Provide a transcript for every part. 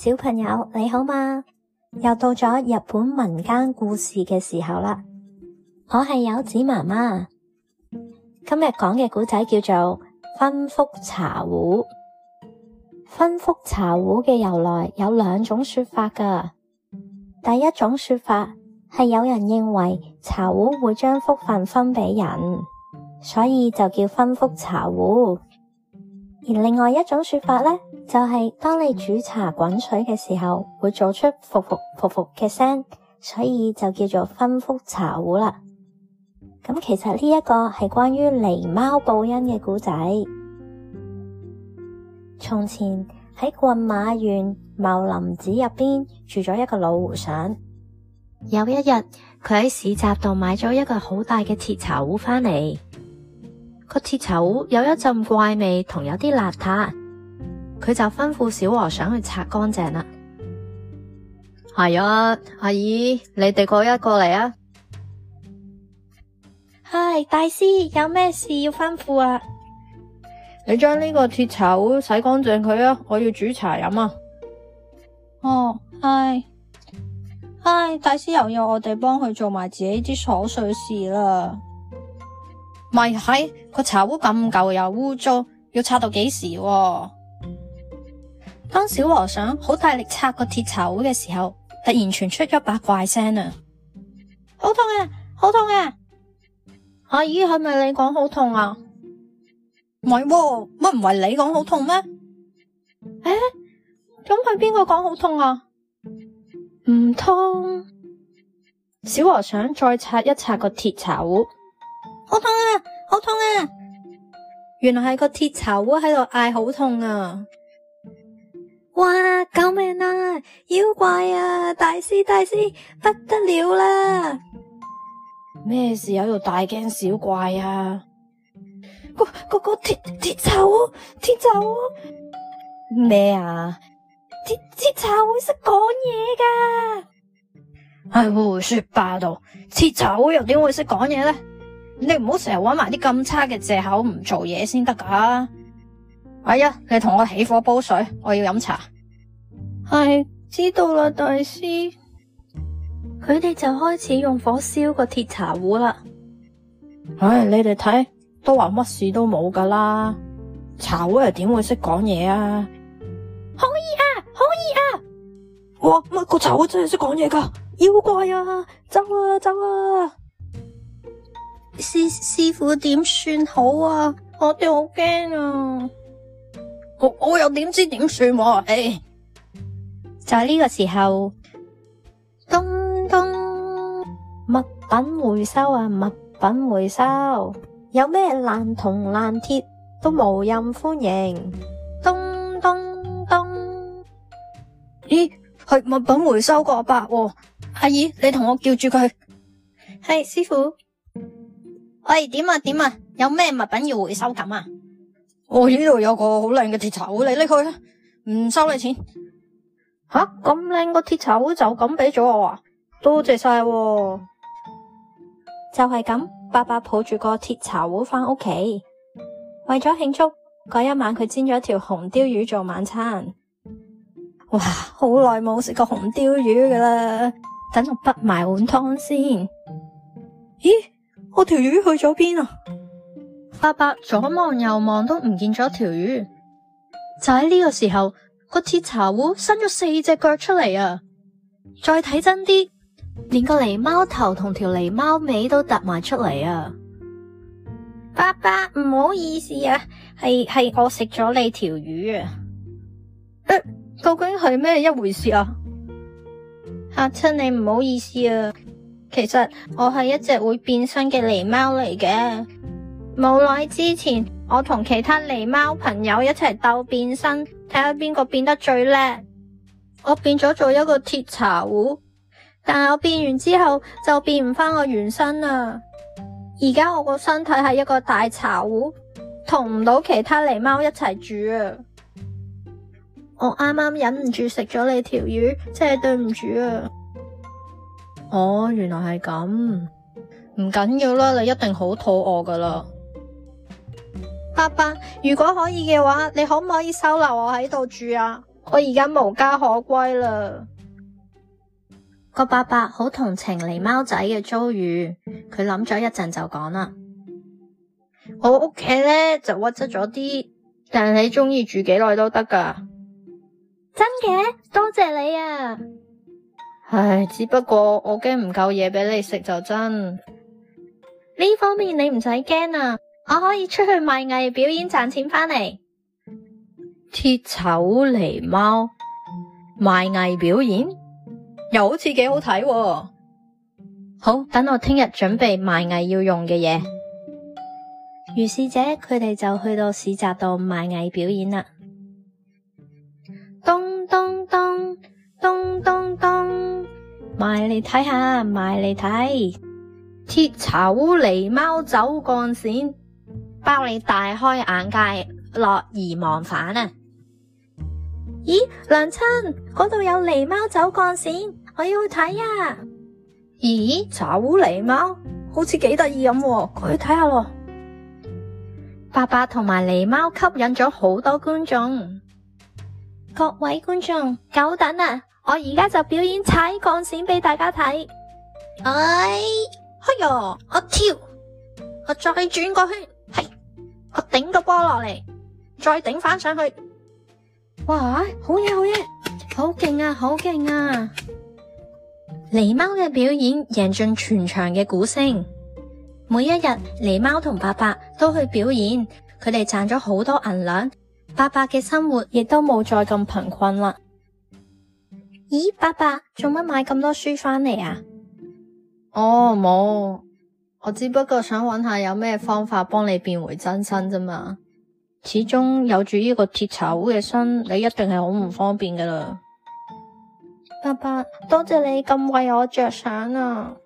小朋友你好嘛？又到咗日本民間故事嘅時候啦，我係柚子媽媽。今日講嘅古仔叫做分福茶壺。分福茶壺嘅由來有兩種說法噶。第一種說法係有人認為茶壺會將福分分俾人，所以就叫分福茶壺。而另外一種說法呢，就係當你煮茶滾水嘅時候，會做出復復復復嘅聲，所以就叫做分福茶壺啦。咁其實呢一個係關於狸貓報恩嘅故仔。從前喺群馬縣茂林寺入邊住咗一個老和尚，有一日佢喺市集度買咗一個好大嘅鐵茶壺返嚟。個鐵茶壺有一陣怪味同有啲邋遢，佢就吩咐小和尚去擦乾淨啦。係啊，阿姨，你哋過一過嚟啊！係，大師，有咩事要吩咐啊？你將呢個鐵茶壺洗乾淨佢啊！我要煮茶飲啊！哦，係，唉，大師又要我哋幫佢做埋自己啲瑣碎事啦。咪係，個茶壺咁舊又污糟，要拆到幾時啊？當小和尚好大力拆個鐵茶壺嘅時候，突然傳出一把怪聲啊：「好痛嘅，好痛嘅！阿姨，係咪你講好痛啊？唔係，乜唔係你講好痛咩？唉，咁係邊個講好痛啊？唔通，小和尚再拆一拆個鐵茶壺？好痛啊！好痛啊！原來係個鐵茶壺喺度嗌好痛啊！哇！救命啊！妖怪啊！大師大師，不得了啦！咩事喺度大驚小怪啊？個個個鐵鐵茶壺鐵茶壺咩啊？鐵鐵茶壺會識講嘢噶？唉，胡說八道！鐵茶壺又點會識講嘢咧？你唔好成日搵埋啲咁差嘅借口唔做嘢先得噶！哎呀，你同我起火煲水，我要飲茶。係，知道啦，大師。佢哋就開始用火燒個鐵茶壺啦。唉，你哋睇，都話乜事都冇噶啦。茶壺又點會識講嘢啊？好熱啊，好熱啊！哇，乜個茶壺真係識講嘢噶？妖怪啊，走啊，走啊！師師傅點算好啊？我哋好驚啊！我我又點知點算啊？就係呢個時候，咚咚，物品回收啊！物品回收，有咩爛銅爛鐵都冇任歡迎。咚咚咚，咦，係物品回收個阿伯，阿、哎、姨，你同我叫住佢，係，師傅。喂，點、哎、啊點啊，有咩物品要回收咁啊？我呢度有個好靚嘅鐵茶壺，你拎佢啦，唔收你錢。吓、啊，咁靚個鐵茶壺就咁俾咗我啊？多謝晒。啊，就係咁，爸爸抱住個鐵茶壺返屋企。為咗慶祝，嗰一晚佢煎咗條紅鯛魚做晚餐。哇，好耐冇食過紅鯛魚噶啦，等我滗埋碗湯先。咦？我條魚去咗邊啊！爸爸左望右望都唔見咗條魚，就喺呢個時候，個鐵茶壺伸咗四隻腳出嚟啊！再睇真啲，連個狸貓頭同條狸貓尾都突埋出嚟啊！爸爸，唔好意思啊！係係我食咗你條魚啊！究竟係咩一回事啊？嚇親你，唔好意思啊！其實我係一隻會變身嘅狸貓嚟嘅，冇耐之前我同其他狸貓朋友一齊鬥變身，睇下邊個變得最叻。我變咗做一個鐵茶壺，但係我變完之後就變唔返我原身啦。而家我個身體係一個大茶壺，同唔到其他狸貓一齊住啊！我啱啱忍唔住食咗你條魚，真係對唔住啊！哦，原來係咁，唔緊要啦，你一定好肚餓噶啦。爸爸，如果可以嘅話，你可唔可以收留我喺度住啊？我而家無家可歸啦。個爸爸好同情狸貓仔嘅遭遇，佢諗咗一陣就講啦：我屋企咧，就屈質咗啲，但係你中意住幾耐都得噶。真嘅，多謝你啊！唉，只不過我驚唔夠嘢俾你食就真。呢方面你唔使驚啊，我可以出去賣藝表演賺錢返嚟。鐵醜狸貓賣藝表演，又好似幾好睇喎啊。好，等我聽日準備賣藝要用嘅嘢。於是者佢哋就去到市集度賣藝表演啦。咚咚咚。咚咚咚，埋嚟睇下，埋嚟睇，鐵茶壺狸貓走鋼線，包你大開眼界，樂而忘返啊！咦，娘親，嗰度有狸貓走鋼線，我要去睇啊！咦，茶壺狸貓好似幾得意咁，我去睇下咯。爸爸同埋狸貓吸引咗好多觀眾。各位觀眾，久等啦！我而家就表演踩鋼線俾大家睇。哎，哎喲，我跳，我再轉個圈，哎、我頂個波落嚟，再頂翻上去。哇，好嘢，好嘢，好勁啊，好勁啊！狸貓嘅表演贏盡全場嘅鼓聲。每一日，狸貓同爸爸都去表演，佢哋賺咗好多銀兩。爸爸嘅生活亦都冇再咁貧困啦。咦，爸爸做乜買咁多書翻嚟啊？哦，冇，我只不過想揾下有咩方法幫你變回真身啫嘛。始終有住呢個鐵茶壺嘅身，你一定係好唔方便噶啦。爸爸，多謝你咁為我着想啊。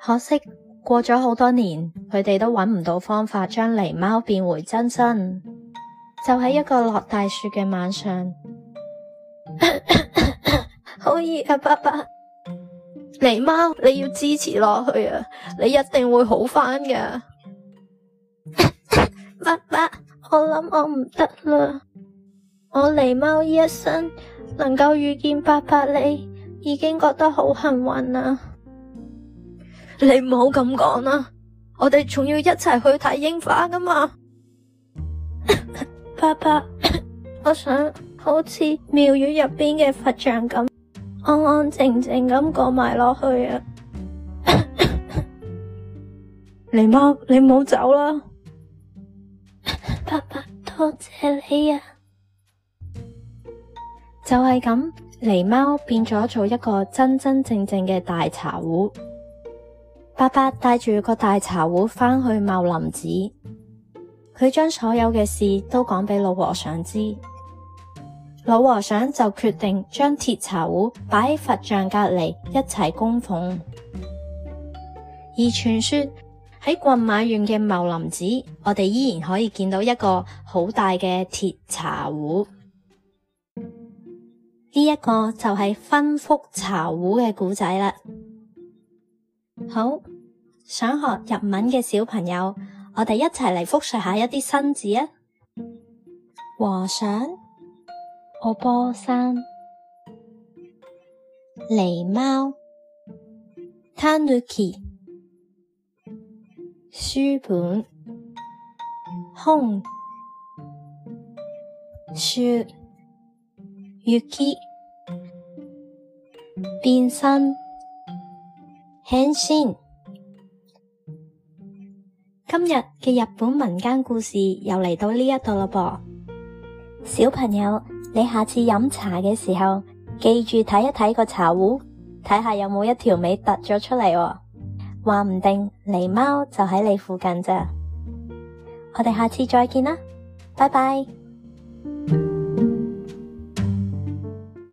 可惜過咗好多年，佢哋都揾唔到方法將狸貓變回真身。就喺一個落大雪嘅晚上。 好熱啊！爸爸，狸貓，你要支持落去啊！你一定會好返㗎， 爸爸。我諗我唔得啦，我狸貓一生能夠遇見爸爸你，已經覺得好幸運啦。你唔好咁講啦，我哋仲要一齊去睇櫻花噶嘛。爸爸，我想好似廟宇入邊嘅佛像咁，安安靜靜咁過埋落去啊！狸 貓，你唔好走啦！ 爸爸，多謝你啊！就係咁，狸貓變咗做一個真真正正嘅大茶壺。爸爸帶住個大茶壺返去茂林寺。佢將所有嘅事都講俾老和尚知，老和尚就決定將鐵茶壺擺喺佛像隔籬一齊供奉。而傳說喺群馬縣嘅茂林寺，我哋依然可以見到一個好大嘅鐵茶壺。呢一個就係分福茶壺嘅古仔啦。好，想學日文嘅小朋友。我哋一齊嚟複述下一啲新字啊！和尚、阿波山、狸貓、Tanuki、書本、空、書、雪、冰山、變身。今日嘅日本民間故事又嚟到呢一度啦噃，小朋友，你下次飲茶嘅時候，記住睇一睇個茶壺，睇下有冇一條尾凸咗出嚟，話唔定狸貓就喺你附近咋。我哋下次再見啦，拜拜。